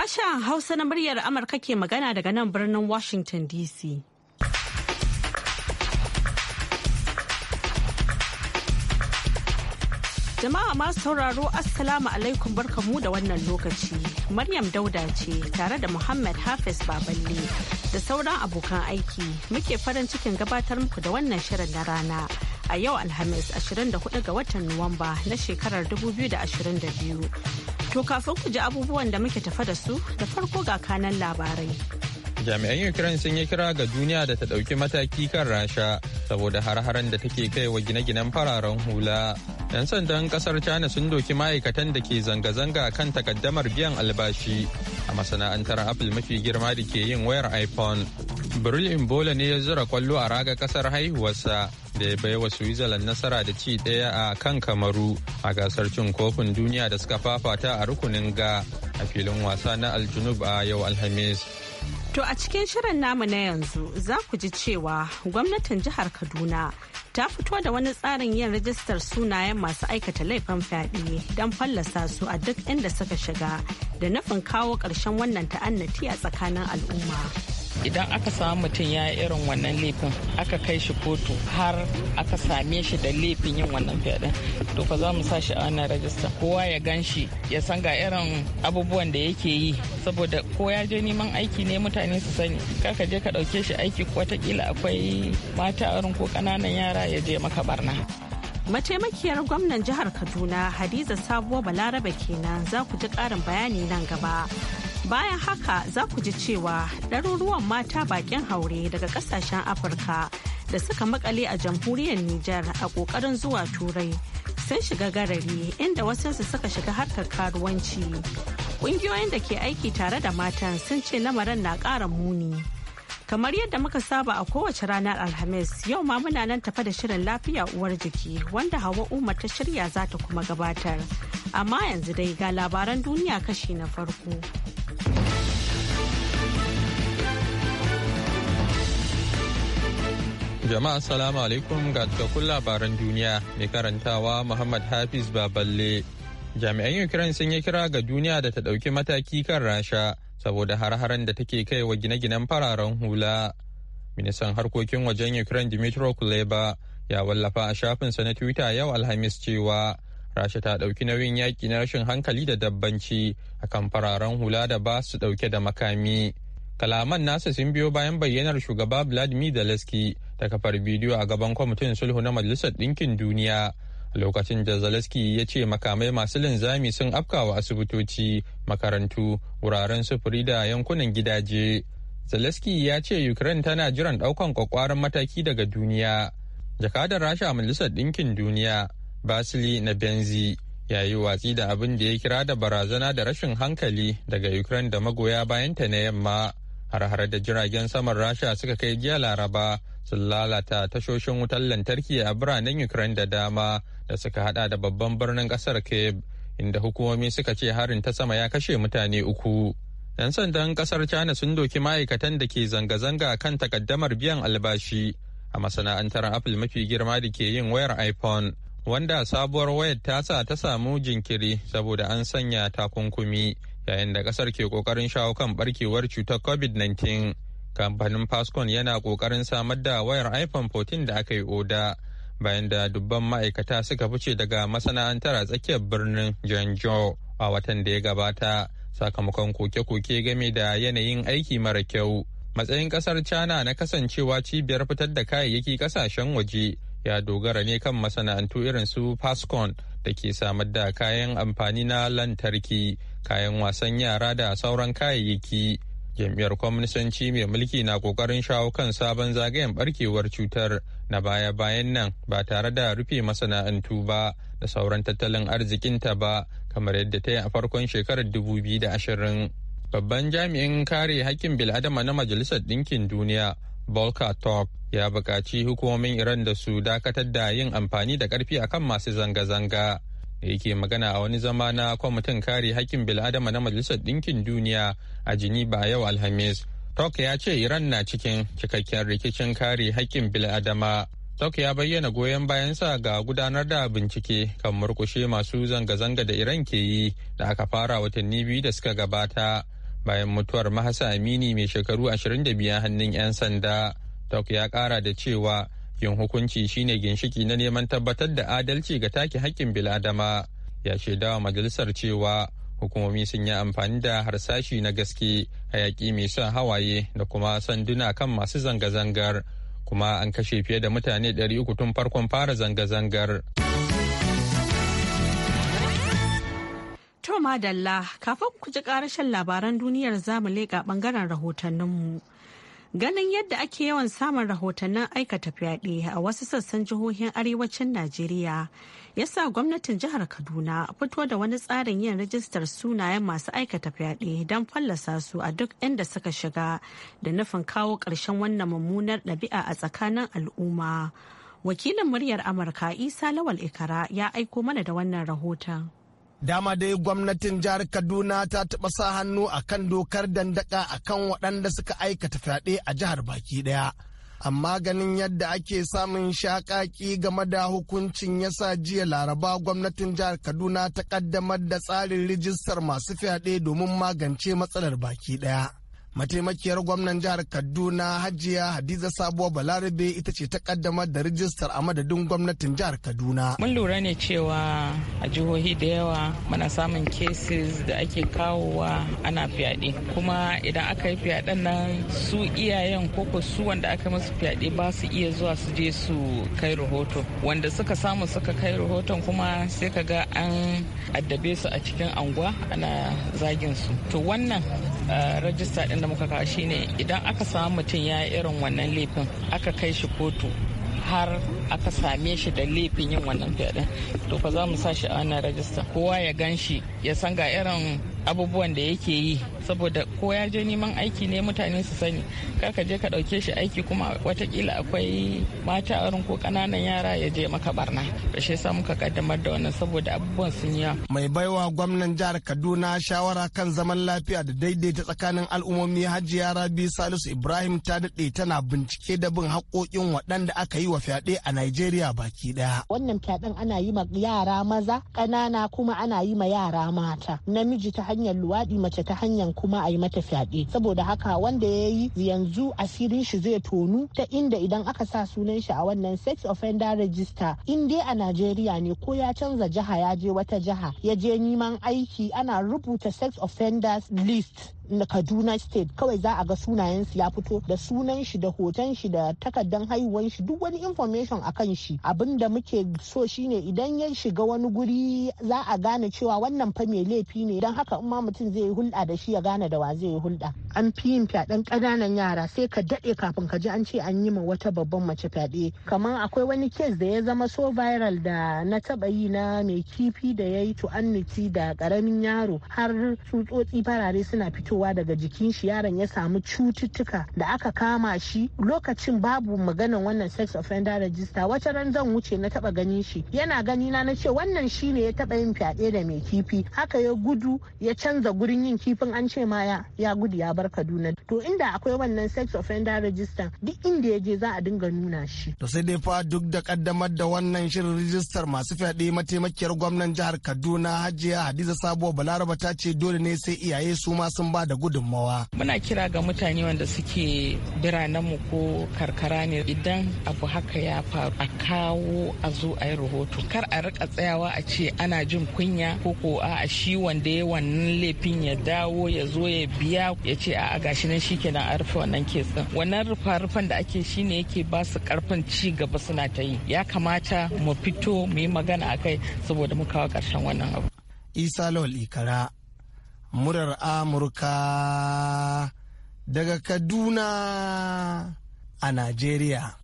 Sashen Hausa na muryar Amurka ke magana daga nan birnin Washington DC. Jama'a masu sauraro Assalamu alaikum barkamu da wannan lokaci. Maryam Dauda ce tare da Muhammad Hafiz Baballe da sauran abokan aiki muke farin cikin gabatar muku da wannan shirin na rana a yau Alhamis 24 ga watan Nuwamba na shekarar 2022. To kafin ku ji abubuwan da muke tafa da su da farko ga kanan labarai. Jami'an Ukraine sun yi kira ga duniya da ta ɗauki mataki kan rasha saboda har-haren da take kai wa gine-ginen fararen hula. 'Yan sandan kasar China sun doki ma'aikatan da ke zanga-zanga kan takaddamar biyan albashi a masana'antar Apple mafi girma da ke yin wayar iPhone. Bril bola ne ya zura kwallo a raga kasar haihuwarsa da ya baiwa switzerland nasara da ci daya a kan kamaru a gasar cin kofin duniya da suka fafata a rukunin ga a filin wasa na aljunub a yau alhamis to a cikin shirin namu na yanzu za ku ji cewa gwamnatin jihar kaduna ta fito da wani tsarin yin rajistar sunayen masu aikata laifin fyaɗe don fallasa su a duk inda suka shiga da nufin kawo ƙarshen wannan ta'annati a tsakanin al'umma. idan aka samu mutum ya yi irin wannan laifin aka kai shi kotu har aka same shi da laifin yin wannan fyaɗin to fa za mu sa shi a wannan rajista kowa ya gan shi ya san ga irin abubuwan da yake yi saboda ko ya je neman aiki ne mutane su sani ka je ka ɗauke shi aiki watakila akwai mata a ko ƙananan yara ya je maka barna. mataimakiyar gwamnan jihar kaduna hadiza sabuwa balarabe kenan za ku ji ƙarin bayani nan gaba bayan haka za ku ji cewa ɗaruruwan mata bakin haure daga ƙasashen afirka da suka makale a jamhuriyar nijar a ƙoƙarin zuwa turai sun shiga garari inda wasansu suka shiga harkar karuwanci ƙungiyoyin da ke aiki tare da matan sun ce lamarin na ƙara muni. Kamar yadda muka saba a kowace ranar Alhamis, yau ma muna nan tafa da shirin lafiya uwar jiki wanda Hawa Umar ta shirya za ta kuma gabatar. Amma yanzu dai ga labaran duniya kashi na farko. Jama'a salamu alaikum ga cikakkun labaran duniya mai karantawa Muhammad Hafiz Baballe. Jami'an Ukraine sun yi kira ga duniya da ta ɗauki mataki kan Rasha. saboda har-haren da take kai wa gine-ginen fararen hula. Ministan harkokin wajen Ukraine Dmitry Kuleba ya wallafa a shafinsa na Twitter yau Alhamis cewa Rasha ta ɗauki nauyin yaƙi na rashin hankali da dabbanci a kan fararen hula da ba su ɗauke da makami. Kalaman nasa sun biyo bayan bayyanar shugaba Vladimir Zelensky ta kafar bidiyo a gaban kwamitin sulhu na Majalisar Ɗinkin Duniya lokacin da zelensky ya ce makamai masu linzami sun afkawa asibitoci makarantu wuraren sufuri da yankunan gidaje zelensky ya ce ukraine tana jiran daukan kwakwaran mataki daga duniya jakadar rasha a majalisar ɗinkin duniya basili na benzi ya yi watsi da abin da ya kira da barazana da rashin hankali daga ukraine da magoya bayanta na yamma har-har da jiragen saman rasha suka kai jiya laraba sun lalata tashoshin wutar lantarki a biranen ukraine da dama da suka hada da babban birnin kasar Cape inda hukumomi suka ce harin ta sama ya kashe mutane uku. 'Yan sandan kasar China sun doki ma'aikatan da ke zanga-zanga kan takaddamar biyan albashi a masana'antar Apple mafi girma da ke yin wayar iPhone, wanda sabuwar wayar ta sa ta samu jinkiri saboda an sanya takunkumi yayin da kasar ke kokarin shawo kan barkewar cutar COVID-19. Kamfanin Fascon yana kokarin samar da wayar iPhone 14 da aka yi oda. bayan da dubban ma'aikata suka fice daga masana'antar a tsakiyar birnin Janjo a watan da ya gabata sakamakon koke-koke game da yanayin aiki mara kyau. Matsayin kasar China na kasancewa cibiyar fitar da kayayyaki kasashen waje ya dogara ne kan masana'antu irin su Pascon da ke samar da kayan amfani na lantarki, kayan wasan yara da sauran kayayyaki. jam'iyyar kwamnisanci mai mulki na kokarin shawo kan sabon zagayen barkewar cutar na baya-bayan nan ba tare da rufe masana'antu ba da sauran tattalin arzikinta ba kamar yadda ta yi a farkon shekarar dubu biyu da ashirin. babban jami'in kare hakkin bil'adama na majalisar ɗinkin duniya volker talk ya buƙaci hukumomin iran da su dakatar da yin amfani da ƙarfi akan masu zanga-zanga da yake magana a wani zama na kwamitin kare hakkin bil'adama na majalisar ɗinkin duniya a jiniba yau alhamis tok ya ce iran na cikin cikakken rikicin kare hakkin bil'adama tok ya bayyana goyon bayansa ga gudanar da bincike kan murkushe masu zanga-zanga da iran ke yi da aka fara watanni biyu da suka gabata bayan mutuwar mahasa amini mai shekaru 25 hannun 'yan sanda tok ya kara da cewa Yin hukunci shine ginshiki na neman tabbatar da adalci ga take haƙƙin biladama ya shaidawa majalisar cewa hukumomi sun yi amfani da harsashi na gaske hayaƙi mai son hawaye da kuma sanduna kan masu zanga-zangar kuma an kashe fiye da mutane 300 tun farkon fara zanga-zangar. To madalla kafin ku ji ƙarashin labaran duniyar zamu leƙa ɓangaren rahotanninmu. Ganin yadda ake yawan samun rahotannin aikata fyaɗe a wasu sassan jihohin arewacin Najeriya, ya sa gwamnatin jihar Kaduna fito da wani tsarin yin rajistar sunayen masu aikata fyaɗe don fallasa su a duk inda suka shiga da nufin kawo ƙarshen wannan mummunar ɗabi'a a tsakanin al'umma. Wakilin muryar Amurka Isa Lawal Ikara ya aiko mana da wannan rahoton. dama dai gwamnatin jihar kaduna ta taɓa sa hannu a kan dokar dandaka a kan waɗanda suka aikata fyaɗe a jihar baki ɗaya amma ganin yadda ake samun shaƙaƙi game da hukuncin ya sa jiya laraba gwamnatin jihar kaduna ta ƙaddamar da tsarin rijistar masu fyaɗe domin magance matsalar baki ɗaya mataimakiyar gwamnan jihar kaduna hajiya hadiza sabuwa balarabe ita ce ta kaddamar da rijistar a madadin gwamnatin jihar kaduna mun lura ne cewa a jihohi da yawa muna samun cases da ake kawowa ana fyaɗe kuma idan aka yi fyaɗen nan su iyayen koko su wanda aka masu fyaɗe ba su iya zuwa su je su kai rahoto wanda suka samu suka kai rahoton kuma sai ka ga an addabe su a cikin anguwa ana zagin su to wannan eh, rajista din da muka kawo shine idan aka samu mutum ya yi irin wannan laifin aka kai shi kotu har aka same shi da laifin yin wannan fyaɗe to fa za mu sa shi a wannan rajista kowa ya gan shi ya san ga irin abubuwan da yake yi saboda ko ya je neman aiki ne mutane su sani ka je ka ɗauke shi aiki kuma watakila akwai mata a ko kananan yara ya je maka barna da shi yasa muka kaddamar da wannan saboda abubuwan sun yi mai baiwa gwamnan jihar kaduna shawara kan zaman lafiya da daidaita tsakanin al'ummomi hajiya rabi salisu ibrahim ta daɗe tana bincike da bin haƙoƙin waɗanda aka yi wa fyaɗe a nigeria baki ɗaya wannan fyaɗen ana yi ma yara maza ƙanana kuma ana yi ma yara mata namiji ta hanyar luwaɗi mace ta hanyar kuma a yi mata fyaɗe saboda haka wanda ya yi yanzu asirin shi zai tonu ta inda idan aka sa sunan shi a wannan sex offender register in dai a najeriya ne ko ya canza jiha ya je wata jiha ya je neman aiki ana rubuta sex offenders list na kaduna state kawai za a ga sunayen su ya fito da sunan shi da hoton shi da takardan haihuwan shi duk wani information a kan shi abin da muke so shine idan ya shiga wani guri za a gane cewa wannan fa mai laifi ne don haka in ma mutum zai yi hulɗa da shi ya gane da wa zai yi hulɗa an fi yin fyaɗen ƙananan yara sai ka daɗe kafin ka ji an ce an yi ma wata babban mace fyaɗe kamar akwai wani kes da ya zama so viral da na taɓa yi na mai kifi da ya yi tu'annuti da ƙaramin yaro har tsutsotsi farare suna fito fitowa daga jikin shi yaron ya samu cututtuka da aka kama shi lokacin babu maganan wannan sex offender register wace ran zan wuce na taba ganin shi yana gani na na ce wannan shi ne ya taba yin fyaɗe da mai kifi haka ya gudu ya canza gurin yin kifin an ce ma ya ya gudu ya bar Kaduna to inda akwai wannan sex offender register duk inda ya je za a dinga nuna shi to sai dai fa duk da kaddamar da wannan shirin rijistar masu fyaɗe mataimakiyar gwamnan jihar Kaduna Hajiya Hadiza Sabuwa Balaraba ta ce dole ne sai iyaye su ma sun ba da gudunmawa. Muna kira ga mutane wanda suke biranenmu ko karkara ne idan abu haka ya faru a kawo a zo a yi rahoto. Kar a rika tsayawa a ce ana jin kunya ko ko a shi wanda ya wannan laifin ya dawo ya zo ya biya ya ce a gashi nan shi kenan a rufe wannan kesin. Wannan rufa-rufan da ake shi ne yake ba su karfin ci gaba suna ta yi. Ya kamata mu fito mu yi magana a kai saboda mu kawo ƙarshen wannan abu. Isa Lawal Ikara murar Amurka daga Kaduna a Najeriya.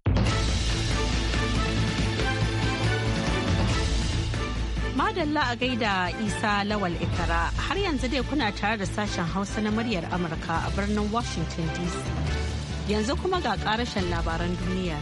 Madalla a gaida Isa Lawal Ikara har yanzu dai kuna tare da sashen Hausa na muryar Amurka a birnin Washington DC. Yanzu kuma ga karashen labaran duniya.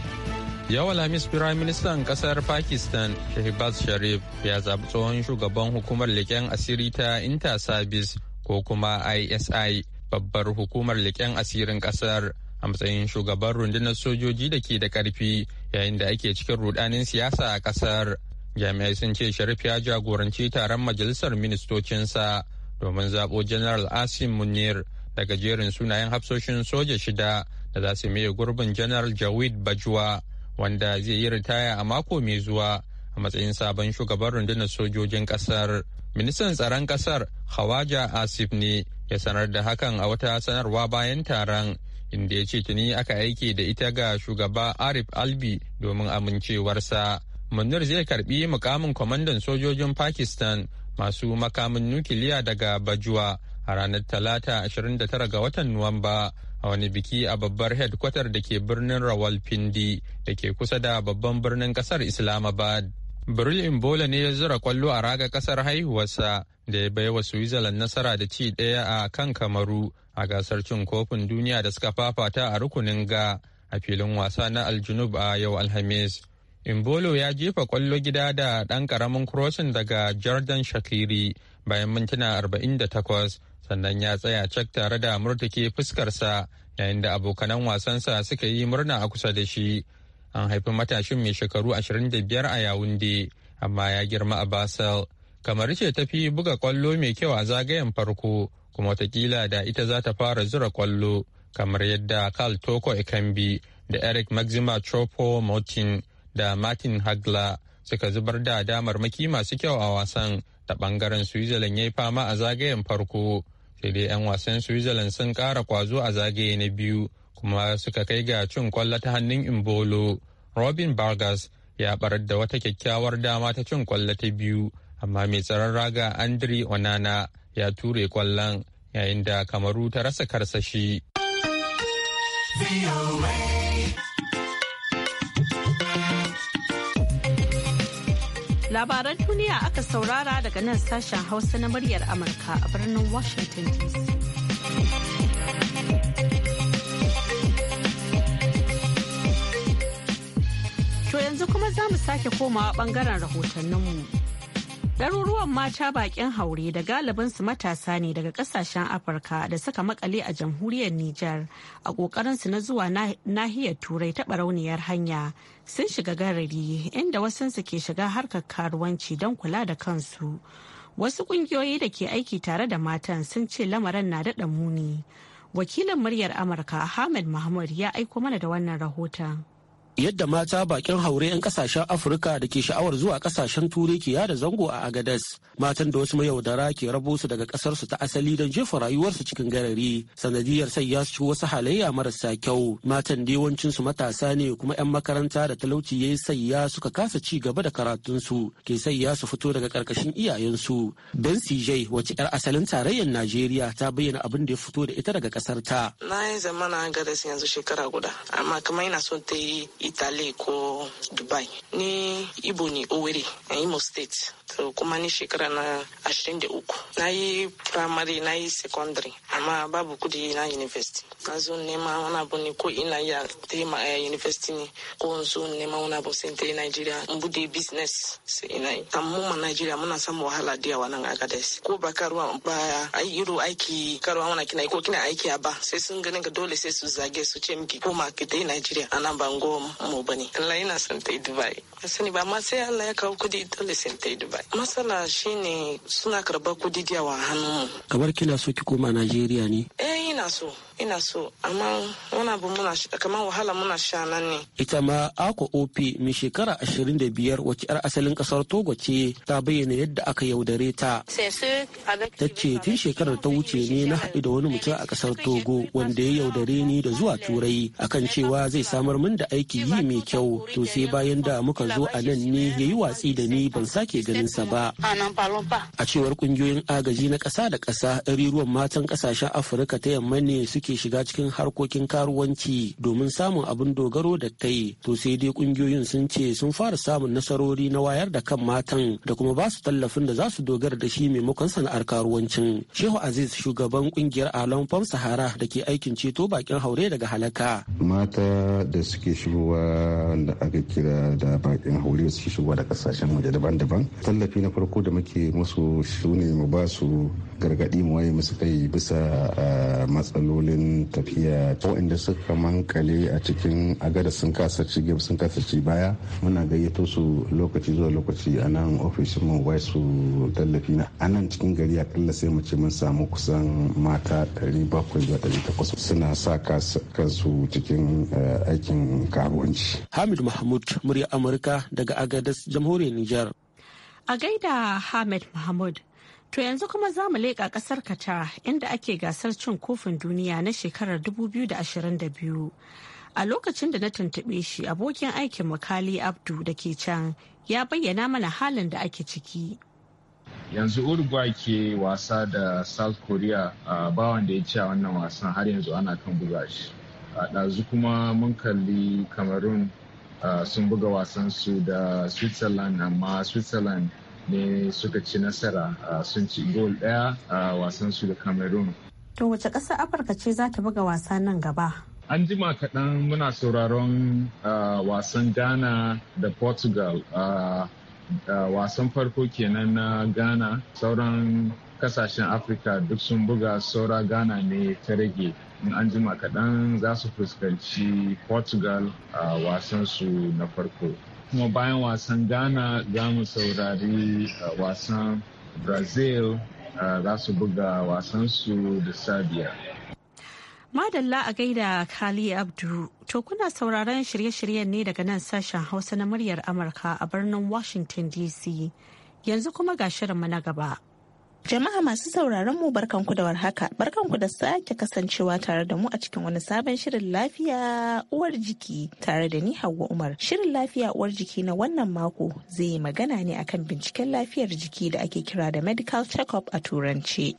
Yau Alhamis Firaministan kasar Pakistan Shahbaz Sharif ya zaɓi tsohon shugaban hukumar leƙen asiri ta Inter Service ko kuma ISI babbar hukumar leƙen asirin ƙasar a matsayin shugaban rundunar sojoji da ke da ƙarfi yayin da ake cikin rudanin siyasa a ƙasar. Jami'ai sun ce Sharif ya jagoranci taron majalisar ministocinsa domin zaɓo General Asim Munir daga jerin sunayen hafsoshin soja shida da za su maye gurbin General Jawid Bajwa wanda zai yi ritaya a mako mai zuwa a matsayin sabon shugaban rundunar sojojin ƙasar. Ministan tsaron kasar Hawaja Asif ne ya sanar da hakan a wata sanarwa bayan taron inda ya ce tuni aka aiki da ita ga shugaba Arif Albi domin amincewarsa. Munir zai karbi mukamin kwamandan sojojin Pakistan masu makamin nukiliya daga Bajuwa a ranar Talata 29 ga watan Nuwamba a wani biki a babbar headquarter da ke birnin Rawalpindi da ke kusa da babban birnin kasar Islamabad. Bril Bola ne ya zura kwallo a raga kasar haihuwarsa da ya baiwa Switzerland nasara da ci ɗaya a kan Kamaru a gasar cin kofin duniya da suka fafata a rukunin ga a filin wasa na Aljunub a yau Alhamis. Imbolo ya jefa kwallo gida da ɗan ƙaramin crossing daga Jordan Shakiri bayan mintuna 48 sannan ya tsaya cak tare da murtuke fuskarsa yayin da abokanan wasansa suka yi murna a kusa da shi. an haifi matashin mai shekaru 25 a yawunde amma ya girma a basel kamar ce ta fi buga kwallo mai kyau a zagayen farko kuma watakila da ita za ta fara zura kwallo kamar yadda karl toko ekambi da eric maxima tropo martin da martin hagla suka zubar da damar maki masu kyau a wasan ta bangaren switzerland ya yi fama a zagayen farko sai dai 'yan wasan switzerland sun kara kwazo a zagaye na biyu kuma suka kai ga cin kwallo ta hannun imbolo robin bargas ya barar da wata kyakkyawar dama ta cin kwallo ta biyu amma mai tsaron raga andre onana ya ture kwallon yayin da kamaru ta rasa karsashi labaran duniya aka saurara daga nan sashen hausa na muryar amurka a birnin washington dc To yanzu kuma za mu sake komawa bangaren rahotanninmu. Ɗaruruwan mata bakin haure da galibinsu matasa ne daga kasashen Afirka da suka makale a jamhuriyar Nijar a ƙoƙarinsu na zuwa nahiyar Turai ta barauniyar hanya sun shiga garari inda wasansu ke shiga harkar karuwanci don kula da kansu. Wasu ƙungiyoyi da ke aiki tare da matan sun ce lamarin na daɗa muni. Wakilin muryar Amurka Ahmed Mahmud ya aiko mana da wannan rahoton. yadda mata bakin haure 'yan kasashen afirka da ke sha'awar zuwa kasashen turai ke yada zango a agadas matan da wasu mayaudara ke rabo su daga kasarsu ta asali don jefa rayuwarsu cikin garari sanadiyar sai ya ci wasu halayya marasa kyau matan da yawancinsu matasa ne kuma 'yan makaranta da talauci ya yi sayya suka kasa ci gaba da karatun su ke sayya su fito daga karkashin iyayensu ben cj wacce 'yar asalin tarayyar najeriya ta bayyana abin da ya fito da ita daga kasar ta na yi zamana agadas yanzu shekara guda amma kamar yana son ta yi italy ko dubai ní ibo ni owerri imo state so kuma ni shekara na ashirin da uku na yi primary na yi secondary amma babu kudi na university na zo nema wani abu ne ko ina ya tema a eh, university ne ko zo nema wani abu sai ta yi nigeria in bude business sai ina yi amma mu nigeria muna samun wahala da yawa nan agades ko ba karuwa ba ai iro aiki karuwa mana kina ko kina aiki a ba sai sun ganin ka dole sai su zage su ce miki ko ma ka ta yi nigeria ana go mu bane Allah yana san ta yi dubai sani ba ma sai Allah ya kawo kudi dole sai ta yi dubai ba matsala shine suna karɓar kudi da yawa kamar kina so ki koma najeriya ne eh ina so ina so amma wani abu muna kamar wahala muna sha nan ne. ita ma ako op mai shekara ashirin da biyar wacce yar asalin kasar togo ce ta bayyana yadda aka yaudare ta. ta ce tun shekarar ta wuce ne na haɗu da wani mutum a kasar togo wanda ya yaudare ni da zuwa turai akan cewa zai samar min da aiki yi mai kyau to sai bayan da muka zo a nan ne ya yi watsi da ni ban sake ganin sa ba. Ah, a cewar kungiyoyin agaji na ƙasa da ƙasa ɗariruwan matan ƙasashen afirka ta yamma ne suke ke shiga cikin harkokin karuwanci domin samun abin dogaro da kai to sai dai kungiyoyin sun ce sun fara samun nasarori na wayar da kan matan da kuma ba su tallafin da za su dogara da shi maimakon sana'ar karuwancin shehu aziz shugaban kungiyar alon fam sahara da ke aikin ceto bakin haure daga halaka mata da suke shigowa da aka kira da bakin haure suke shigowa da kasashen waje daban-daban tallafi na farko da muke musu shine mu ba su gargaɗi mu waye musu kai bisa eh, matsalolin tafiya waɗanda suka mankale a cikin agada sun kasa ci gaba sun kasa ci baya muna gayyato su lokaci zuwa lokaci a nan ofishin mu wai su tallafi na a nan cikin gari akalla sai mu ce mun samu kusan mata 700 zuwa 800 suna sa kansu cikin eh, aikin karuwanci. Hamid Mahmud murya Amurka daga Agadas jamhuriyar Nijar. A gaida Hamid Mahmud. To yanzu kuma za mu leƙa ƙasar Kata inda ake gasar cin kofin duniya na shekarar 2022. A lokacin da na tuntuɓe shi abokin aikin Makali Abdu da ke can ya bayyana mana halin da ake ciki. Yanzu Uruguay ke wasa da South Korea a bawan da ya ce a wannan wasan har yanzu ana kan buga shi. A ɗazu kuma mun kalli Cameroon sun buga wasansu da Switzerland amma Switzerland ne suka ci nasara sun ci gol ɗaya a wasan su da cameroon to wace ƙasar afirka ce za ta buga wasa nan gaba an jima kaɗan muna sauraron wasan ghana da portugal wasan farko kenan na ghana sauran kasashen afirka duk sun buga saura ghana ne ta rage in an jima kaɗan za su fuskanci portugal a wasansu na farko kuma bayan wasan ghana za mu saurari uh, wasan brazil uh, za su buga wasansu da serbia madalla a gaida kali abdu to kuna sauraron shirye-shiryen ne daga nan sashen hausa na muryar amurka a birnin washington dc yanzu kuma ga shirinmu na gaba Jama'a masu sauraron mu barkanku da warhaka, barkanku da sake kasancewa tare da mu a cikin wani sabon shirin lafiya uwar jiki tare da ni Hauwa Umar. Shirin lafiya uwar jiki na wannan mako zai yi magana ne akan binciken lafiyar jiki da ake kira da medical check a turanci.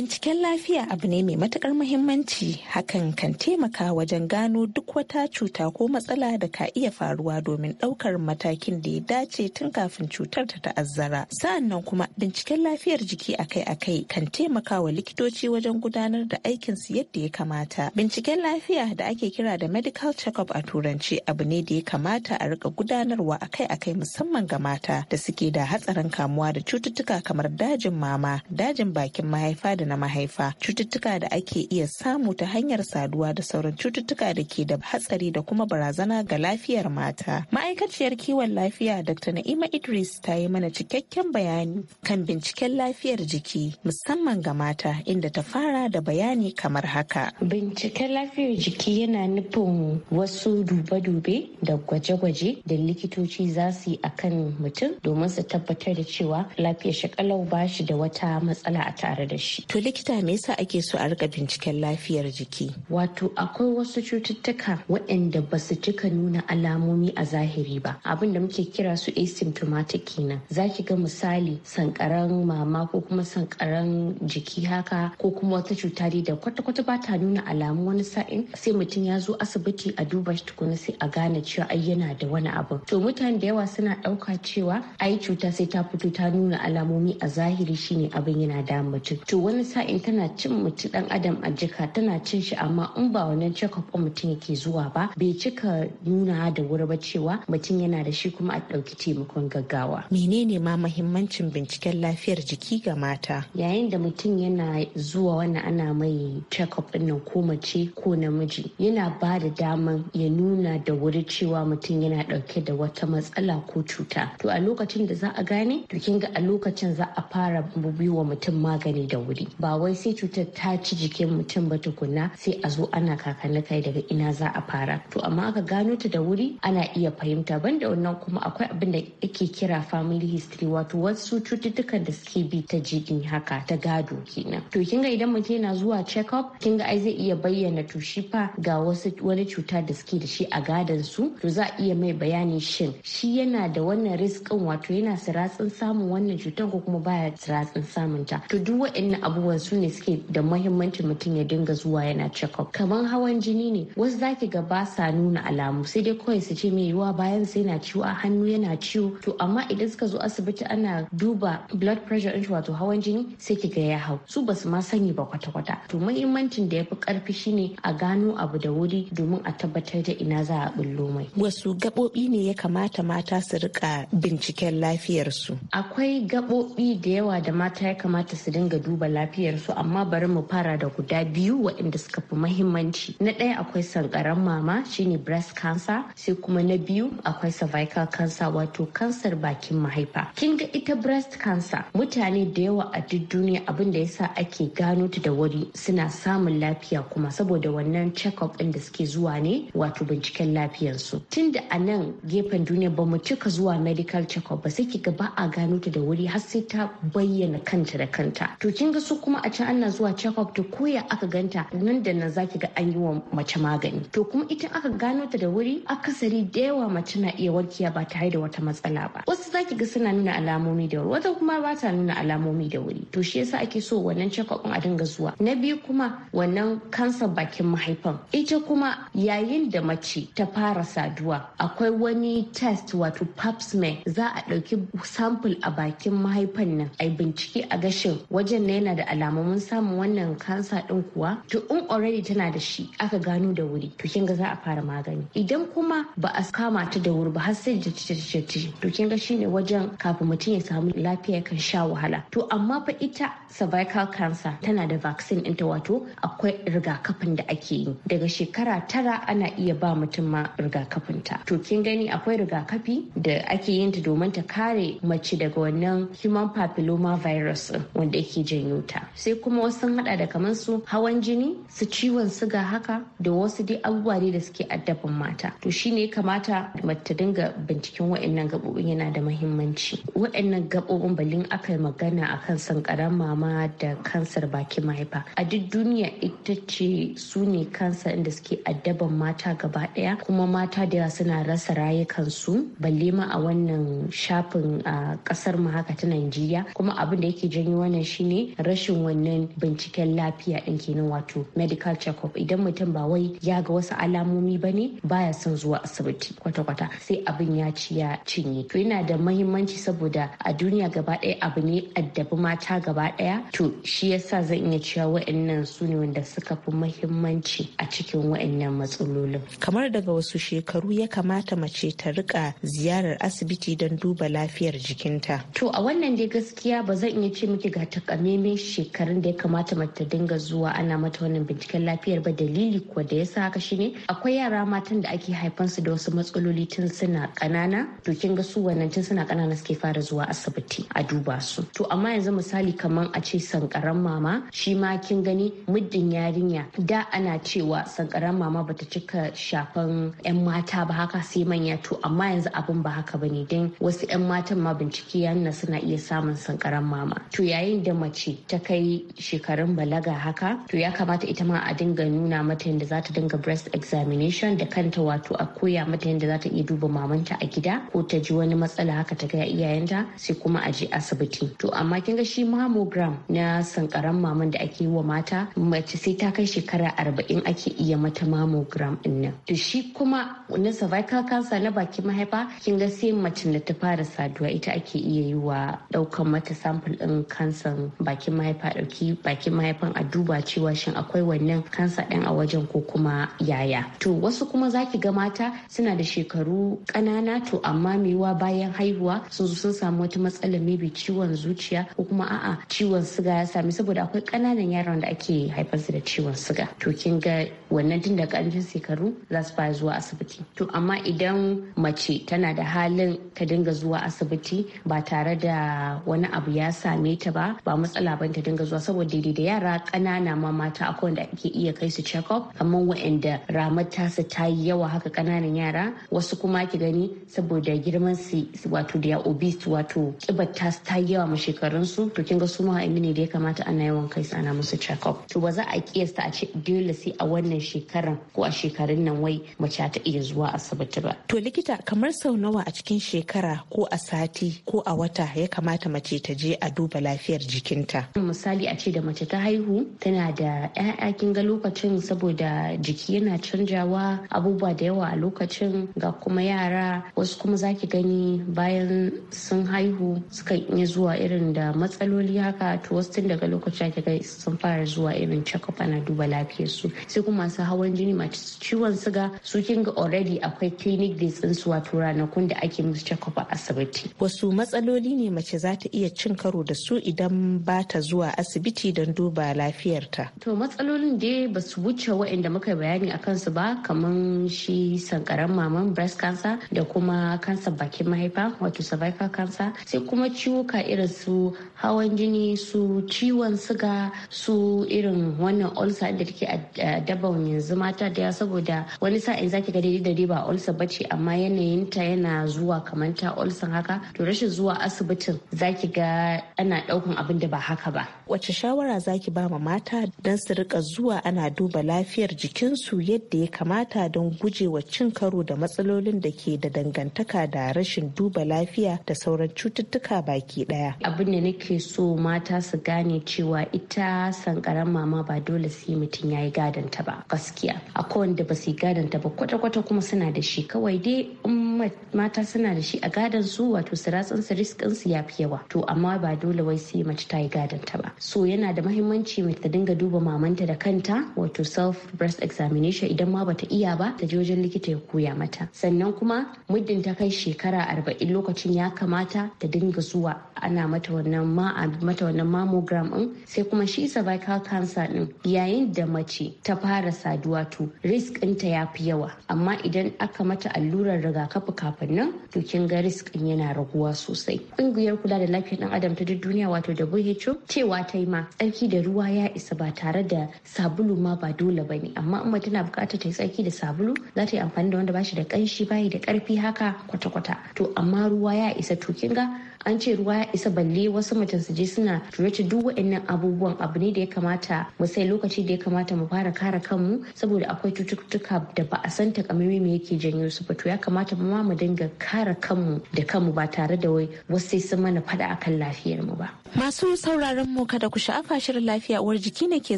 Binciken lafiya abu ne mai matukar muhimmanci hakan kan taimaka wajen gano duk wata cuta ko matsala da ka iya faruwa domin ɗaukar matakin da ya dace tun kafin cutar ta ta'azzara. Sa'annan kuma binciken lafiyar jiki akai-akai kan taimaka wa likitoci wajen gudanar da aikinsu yadda ya kamata. Binciken lafiya da ake kira da medical check-up a turanci abu ne da ya kamata a rika gudanarwa akai-akai musamman ga mata da suke da hatsarin kamuwa da cututtuka kamar dajin mama, dajin bakin mahaifa da na mahaifa cututtuka da ake iya samu ta hanyar saduwa da sauran cututtuka da ke da hatsari da kuma barazana ga lafiyar mata ma'aikaciyar kiwon lafiya dr na'ima idris ta yi mana cikakken bayani kan binciken lafiyar jiki musamman ga mata inda ta fara da bayani kamar haka binciken lafiyar jiki yana nufin wasu dube-dube da gwaje-gwaje da likitoci za su yi akan mutum domin su tabbatar da cewa lafiyar shakalau ba shi da wata matsala a tare da shi to To likita me yasa ake so a rika binciken lafiyar jiki? Wato akwai wasu cututtuka waɗanda ba su cika nuna alamomi a zahiri ba. Abin da muke kira su asymptomatic kenan. Za ki ga misali sankaran mama ko kuma sankaran jiki haka ko kuma wata cuta dai da kwata-kwata ba ta nuna alamu wani sa'in sai mutum ya zo asibiti a duba shi tukuna sai a gane cewa ai yana da wani abu. To mutane da yawa suna ɗauka cewa ai cuta sai ta fito ta nuna alamomi a zahiri shine abin yana da mutum. To wani in tana cin mutum dan adam a jika tana cin shi amma in ba wannan check up mutum yake zuwa ba bai cika nuna da wuri ba cewa mutum yana da shi kuma a ɗauki taimakon gaggawa. Menene ma mahimmancin binciken lafiyar jiki ga mata? Yayin da mutum yana zuwa wannan ana mai check up ko mace ko namiji yana ba da daman ya nuna da wuri cewa mutum yana dauke da wata matsala ko cuta. To a lokacin da za a gane to kinga a lokacin za a fara wa mutum magani da wuri. ba wai sai cutar ta ci jikin mutum ba tukunna sai a zo ana kakanni kai daga ina za a fara to amma aka gano ta da wuri ana iya fahimta banda wannan kuma akwai abin da ake kira family history wato wasu cututtukan da suke bi ta jini haka ta gado kenan to kinga idan mutum yana zuwa check up ga ai zai iya bayyana to shi fa ga wasu wani cuta da suke da shi a gadon su to za a iya mai bayani shin shi yana da wannan riskin wato yana siratsin samun wannan cutar ko kuma baya siratsin samun ta to duk waɗannan abu abubuwan su ne suke da mahimmancin mutum ya dinga zuwa yana check-up kamar hawan jini ne wasu zaki ga ba sa nuna alamu sai dai kawai su ce mai yiwuwa bayan sai na ciwo a hannu yana ciwo to amma idan suka zo asibiti ana duba blood pressure din wato hawan jini sai ki ga ya hau su basu ma sani ba kwata-kwata to mahimmancin da ya fi karfi shine a gano abu da wuri domin a tabbatar da ina za a bullo mai wasu gaɓoɓi ne ya kamata mata su rika binciken lafiyarsu akwai gaɓoɓi da yawa da mata ya kamata su dinga duba lafiyar lafiyarsu amma bari mu fara da guda biyu waɗanda suka fi mahimmanci na ɗaya akwai sankaran mama shine breast cancer sai kuma na biyu akwai cervical cancer wato kansar bakin mahaifa kin ga ita breast cancer mutane da yawa a duk duniya abin da yasa ake gano ta da wuri suna samun lafiya kuma saboda wannan check-up ɗin da suke zuwa ne wato binciken lafiyarsu tun da a nan gefen duniya ba mu cika zuwa medical check-up ba sai ki ga ba a gano ta da wuri har sai ta bayyana kanta da kanta to kin ga su kuma a can ana zuwa check up to koya aka ganta nan da nan zaki ga an yi wa mace magani to kuma ita aka gano ta da wuri akasari da yawa mace na iya warkewa ba tare da wata matsala ba wasu zaki ga suna nuna alamomi da wuri wata kuma ba ta nuna alamomi da wuri to shi yasa ake so wannan check up a dinga zuwa na biyu kuma wannan kansar bakin mahaifan ita kuma yayin da mace ta fara saduwa akwai wani test wato pap smear za a ɗauki sample a bakin mahaifan nan a bincike a gashin wajen na yana da alamu mun samu wannan kansa din kuwa to in already tana da shi aka gano da wuri to kin za a fara magani idan kuma ba a kama ta da wuri ba har sai da cicicici to kin shine wajen kafin mutum ya samu lafiya kan sha wahala to amma fa ita cervical cancer tana da vaccine ɗinta wato akwai rigakafin da ake yi daga shekara tara ana iya ba mutum ma rigakafin ta. to kin gani akwai rigakafi da ake yin ta domin ta kare mace daga wannan human papilloma virus wanda yake janyo ta mata sai kuma wasu sun hada da kamar su hawan jini su ciwon suga haka da wasu dai abubuwa ne da suke addabin mata to shine kamata mata dinga binciken wa'annan gabobin yana da muhimmanci wa'annan gabobin balin aka magana magana akan sankaran mama da kansar bakin mahaifa a duk duniya ita ce su ne kansa inda suke addaban mata gaba daya kuma mata da yawa suna rasa rayukansu balle ma a wannan shafin a kasar mu haka ta Najeriya kuma abin da yake janyo wannan shine rashin rashin wannan binciken lafiya din kenan wato medical check idan mutum ba wai ya ga wasu alamomi ba ne baya son zuwa asibiti kwata-kwata sai abin ya ci ya cinye to yana da mahimmanci saboda a duniya gaba ɗaya abu ne addabi mata gaba ɗaya to shi yasa zan iya cewa wa'annan su ne wanda suka fi mahimmanci a cikin wa'annan matsalolin kamar daga wasu shekaru ya kamata mace ta rika ziyarar asibiti don duba lafiyar jikinta to a wannan dai gaskiya ba zan iya ce miki ga takamaiman shekarun da ya kamata mata dinga zuwa ana mata wannan binciken lafiyar ba dalili kuwa da yasa haka shine akwai yara matan da ake haifansu da wasu matsaloli tun suna kanana to kin ga su wannan tun suna kanana suke fara zuwa asibiti a duba su to amma yanzu misali kaman a ce sankaran mama shi ma kin gani muddin yarinya da ana cewa sankaran mama bata cika shafan yan mata ba haka sai manya to amma yanzu abin ba haka bane dan wasu yan matan ma bincike ya suna iya samun sankaran mama to yayin da mace ta kai shekarun balaga haka to ya kamata ita ma a dinga nuna mata yadda za ta dinga breast examination da kanta wato a koya mata yadda za ta iya duba mamanta a gida ko ta ji wani matsala haka ta gaya iyayenta sai kuma a je asibiti to amma kin ga shi mammogram na sankaran maman da ake yi wa mata mace sai ta kai shekara arba'in ake iya mata mammogram din nan to shi kuma na cervical cancer na bakin mahaifa kin ga sai mace da ta fara saduwa ita ake iya yi wa daukan mata sample din kansan bakin mahaifa mahaifa ɗauki bakin mahaifan a duba cewa shin akwai wannan kansa ɗin a wajen ko kuma yaya to wasu kuma zaki ga mata suna da shekaru ƙanana to amma mewa bayan haihuwa sun zo sun samu wata matsala maybe ciwon zuciya ko kuma a'a ciwon suga ya sami saboda akwai ƙananan yaron da ake haifarsu da ciwon suga to kin ga wannan tun da ƙarfin shekaru za su fara zuwa asibiti to amma idan mace tana da halin ta dinga zuwa asibiti ba tare da wani abu ya same ta ba ba matsala ba ta ta dinga zuwa saboda daidai da yara ƙanana ma mata akwai wanda ake iya kai su check up kamar waɗanda ramar tasa ta yi yawa haka ƙananan yara wasu kuma ki gani saboda girman su wato da ya obese wato kibar ta ta yi yawa ma shekarun su to kin ga su ma ne da ya kamata ana yawan kai su ana musu check up to ba za a kiyasta a ce dole sai a wannan shekaran ko a shekarun nan wai mace ta iya zuwa asibiti ba to likita kamar sau nawa a cikin shekara ko a sati ko a wata ya kamata mace ta je a duba lafiyar jikinta misali a ce da mace ta haihu tana da 'ya'ya kin ga lokacin saboda jiki yana canjawa abubuwa da yawa a lokacin ga kuma yara wasu kuma zaki gani bayan sun haihu suka iya zuwa irin da matsaloli haka to wasu tun daga lokacin ake ga sun fara zuwa irin check-up ana duba su sai kuma masu hawan jini mace ciwon suga su kin ga already akwai clinic da din su wato ranakun da ake musu check a asibiti wasu matsaloli ne mace za ta iya cin karo da su idan ba ta zuwa zuwa asibiti don duba lafiyarta. To matsalolin da ba su wuce waɗanda muka bayani a kansu ba kamar shi sankaran maman breast cancer da kuma kansar bakin mahaifa wato cervical cancer sai kuma ciwuka irin su hawan jini su ciwon suga su irin wannan ulcer da take a daban yanzu mata da ya saboda wani sa'in zaki ga daidai da dai ba ulcer bace amma yanayinta yana zuwa kamar ta ulcer haka to rashin zuwa asibitin zaki ga ana daukan abin da ba haka ba wace shawara zaki ba ma mata don su rika zuwa ana duba lafiyar jikinsu yadda ya kamata don gujewa cin karo da matsalolin da ke da dangantaka da rashin duba lafiya da sauran cututtuka baki daya abin da nake so mata su gane cewa ita sankaran mama ba dole sai mutum ya yi gadanta ba gaskiya akwai wanda ba su yi gadanta ba kwata-kwata kuma suna da shi kawai dai in mata suna da shi a gadon su wato su ratsin su riskin ya fi yawa to amma ba dole wai sai mace ta yi gadanta ba so yana da mahimmanci mace ta dinga duba mamanta da kanta wato self breast examination idan ma bata iya ba ta je wajen likita ya koya mata sannan kuma muddin ta kai shekara arba'in lokacin ya kamata ta dinga zuwa ana mata wannan ma mata wannan mammogram din sai kuma shi cervical cancer din yayin da mace ta fara saduwa to risk ɗinta ya fi yawa amma idan aka mata allurar rigakafi kafin nan to kin ga risk ɗin yana raguwa sosai ƙungiyar kula da lafiyar ɗan adam ta duk duniya wato WHO cewa cewa ta yi ma tsarki da ruwa ya isa ba tare da sabulu ma ba dole ba ne amma in tana bukatar ta yi tsarki da sabulu za ta yi amfani da wanda ba shi da kanshi bayi da karfi haka kwata-kwata to amma ruwa ya isa to kin ga an ce ruwa ya isa balle wasu mutum su je suna turace duk waɗannan abubuwan abu ne da ya kamata mu sai lokaci da ya kamata mu fara kare kanmu saboda akwai cututtuka da ba a san takamaimai me yake janyo su ba to ya kamata mu ma mu dinga kare kanmu da kanmu ba tare da wai wasu sai sun mana faɗa akan lafiyar mu ba. Masu sauraron mu kada ku sha'afa shirin lafiya uwar jiki ne ke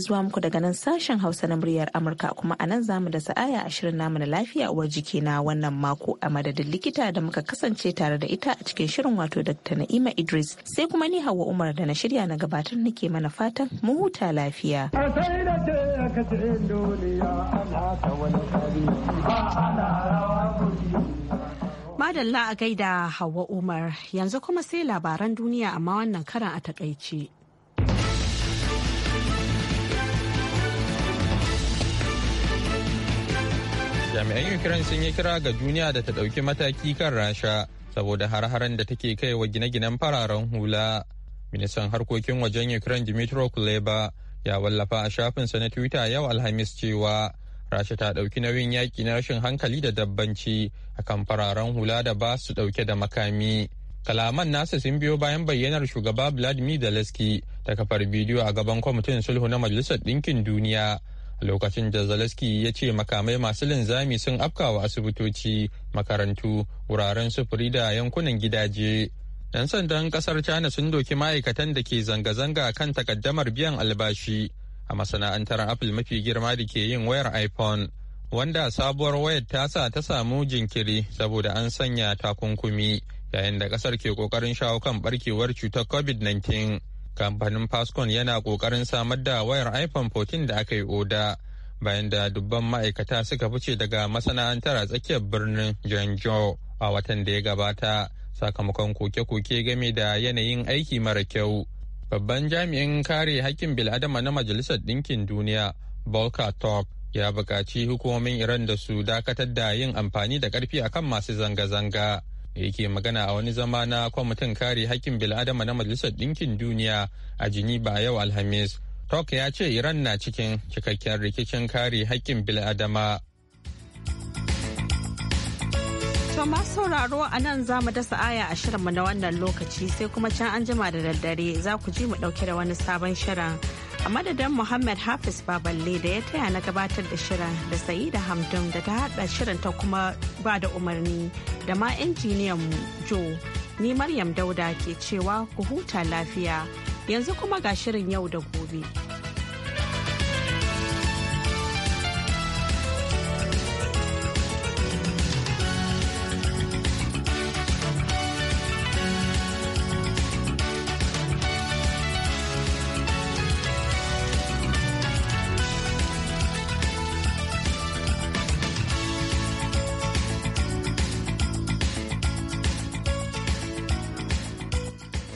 zuwa muku daga nan sashen Hausa na muryar Amurka kuma a nan zamu da sa'aya a shirin namu na lafiya uwar jiki na wannan mako a madadin likita da muka kasance tare da ita a cikin shirin wato Dr. da Na'ima Idris sai kuma ni Hauwa Umar da na shirya na gabatar nake mana fatan mu huta lafiya. Madalla a gaida Hauwa Umar yanzu kuma sai labaran duniya amma wannan karan a takaice. Jami'an Ukraine sun yi kira ga duniya da ta ɗauki mataki kan Rasha saboda har-haren da take kai wa gine-ginen fararen hula. Ministan harkokin wajen Ukraine Dmitry Kuleba ya wallafa a shafinsa na Twitter yau Alhamis cewa Rasha ta ɗauki nauyin yaƙi na rashin hankali da dabbanci akan fararen hula da ba su ɗauke da makami. Kalaman nasa sun biyo bayan bayyanar shugaba Vladimir Zelensky ta kafar bidiyo a gaban kwamitin sulhu na Majalisar Ɗinkin Duniya lokacin da Zelensky ya ce makamai masu linzami sun afkawa asibitoci, makarantu, wuraren sufuri da yankunan gidaje. 'Yan sandan kasar China sun doki ma'aikatan da ke zanga-zanga kan takaddamar biyan albashi a masana'antar Apple mafi girma da ke yin wayar iPhone, wanda sabuwar wayar tasa ta samu jinkiri saboda an sanya takunkumi yayin da kasar ke kokarin shawo kan barkewar cutar COVID-19. kamfanin Fascon yana ƙoƙarin samar da wayar iPhone 14 da aka yi oda bayan da dubban ma'aikata suka fice daga masana'antar a tsakiyar birnin Janjo a watan da ya gabata sakamakon koke-koke game da yanayin aiki mara kyau. Babban jami'in kare hakkin bil'adama na Majalisar Ɗinkin Duniya, Volker Turk, ya buƙaci hukumomin Iran da su dakatar da yin amfani da ƙarfi akan masu zanga-zanga. da yake magana a wani zama na kwamitin kare hakkin bil'adama na majalisar ɗinkin duniya a jiniba yau alhamis tok ya ce iran na cikin cikakken rikicin kare hakkin bil'adama To masu sauraro a nan za mu dasa aya a shirinmu na wannan lokaci sai kuma can an jima da daddare za ku ji mu ɗauke da wani sabon shirin. a madadin muhammad hafiz baballe da ya taya na gabatar da shirin da sayi da hamdun da ta hada shirin ta kuma ba da umarni da ma injiniyan joe ni maryam dauda ke cewa ku huta lafiya yanzu kuma ga shirin yau da gobe.